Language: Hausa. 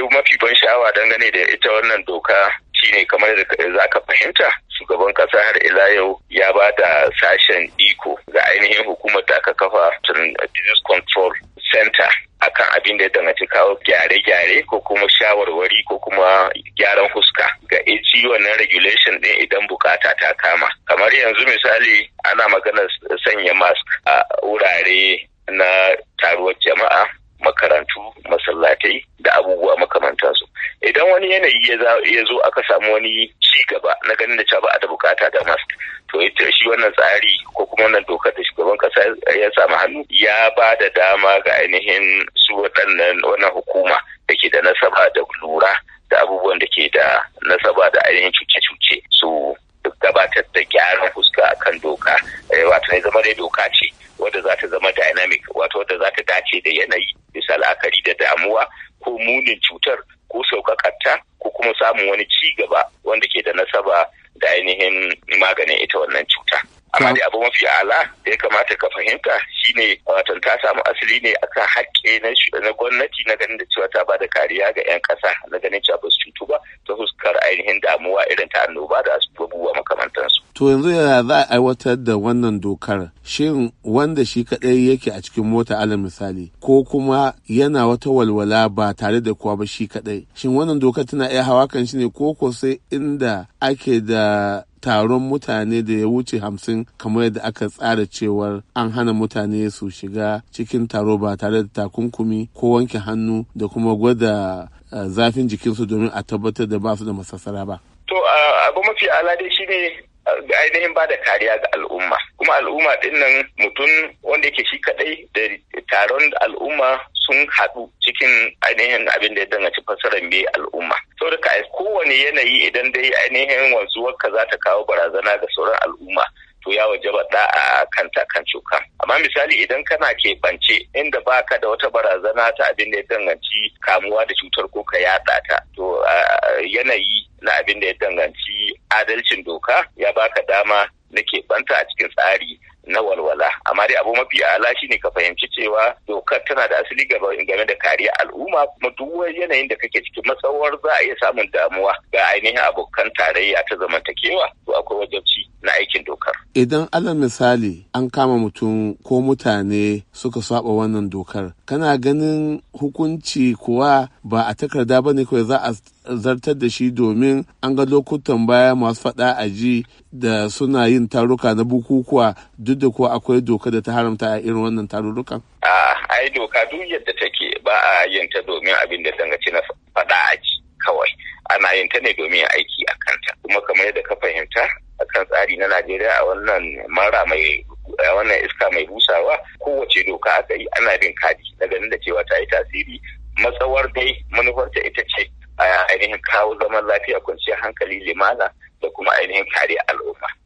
abu mafi ban sha'awa dangane da ita wannan doka shine kamar da za ka fahimta shugaban kasa har ila yau ya ba da sashen iko ga ainihin hukumar da aka kafa disease control center akan abin da ya danganci kawo gyare-gyare ko kuma shawarwari ko kuma gyaran huska ga AG wannan regulation din idan bukata ta kama kamar yanzu misali ana maganar sanya mask a wurare na taruwar jama'a makarantu masallatai wani yanayi ya zo aka samu wani ci gaba na ganin da cewa ba a da bukata da mask to ita shi wannan tsari ko kuma wannan dokar da shugaban kasa ya samu hannu ya ba da dama ga ainihin su waɗannan wannan hukuma da ke da nasaba da lura da abubuwan da ke da nasaba da ainihin cuce-cuce su gabatar da gyaran fuska akan doka eh, wato ya zama dai doka ce wadda za ta zama dynamic wato wadda za ta dace da yanayi bisa la'akari da damuwa ko munin cutar ko sauƙaƙarta ko kuma samun wani ci gaba wanda ke da nasaba da ainihin maganin ita wannan cuta. amma dai abu mafi ala da ya kamata ka fahimta shine watan ta samu asali ne akan hakke na gwamnati na ganin da cewa ta ba da kariya ga 'yan kasa na ganin cewa ba su cutu ba ta fuskar ainihin damuwa irin ta annoba da babuwa makamantansu. to yanzu yaya za a aiwatar da wannan dokar shin wanda shi kaɗai yake a cikin mota alal misali ko kuma yana wata walwala ba tare da kowa ba shi kaɗai shin wannan dokar tana iya hawa kan shi ne ko ko sai inda ake da taron mutane da ya wuce hamsin kamar yadda aka tsara cewar an hana mutane su shiga cikin taro ba tare da takunkumi ko wanke hannu da kuma gwada eh, zafin jikinsu domin a tabbatar da ba su da masassara ba. To abu mafi alade shi shine eh, ainihin ba da kariya ga al'umma kuma al'umma din nan mutum wanda yake shi kaɗai da taron al'umma sun haɗu cikin ainihin abin da ya danganci fassarar me al'umma saboda ka kowane yanayi idan dai ainihin wanzuwarka za ta kawo barazana ga sauran al'umma to ya waje da a kanta kan cuka amma misali idan kana keɓance inda baka da wata barazana ta abin da ya danganci kamuwa da cutar ko ka yaɗa ta to yanayi na abin da ya danganci adalcin doka ya baka dama nake banta a cikin tsari na walwala amma dai abu mafi ala shine ka fahimci cewa dokar tana da asali game da kariya al'umma kuma duk yanayin da kake cikin matsawar za a iya samun damuwa ga ainihin abokan tarayya ta zamantakewa to akwai wajabci na aikin dokar idan alal misali an kama mutum ko mutane suka saba wannan dokar kana ganin hukunci kuwa ba a takarda ba ne kawai za a zartar da shi domin an ga lokutan baya masu faɗa a ji da suna yin yin taruka na bukukuwa duk da kuwa akwai doka da ta haramta a irin wannan tarurrukan? yi doka duk yadda take ba a yin ta domin abin da dangaci na faɗa a ci kawai ana yin ta ne domin aiki a kanta kuma kamar yadda ka fahimta a kan tsari na najeriya a wannan mara mai wannan iska mai busawa kowace doka aka yi ana bin kadi na ganin da cewa ta yi tasiri matsawar dai manufarta ita ce a ainihin kawo zaman lafiya kwanciyar hankali limana da kuma ainihin kare al'umma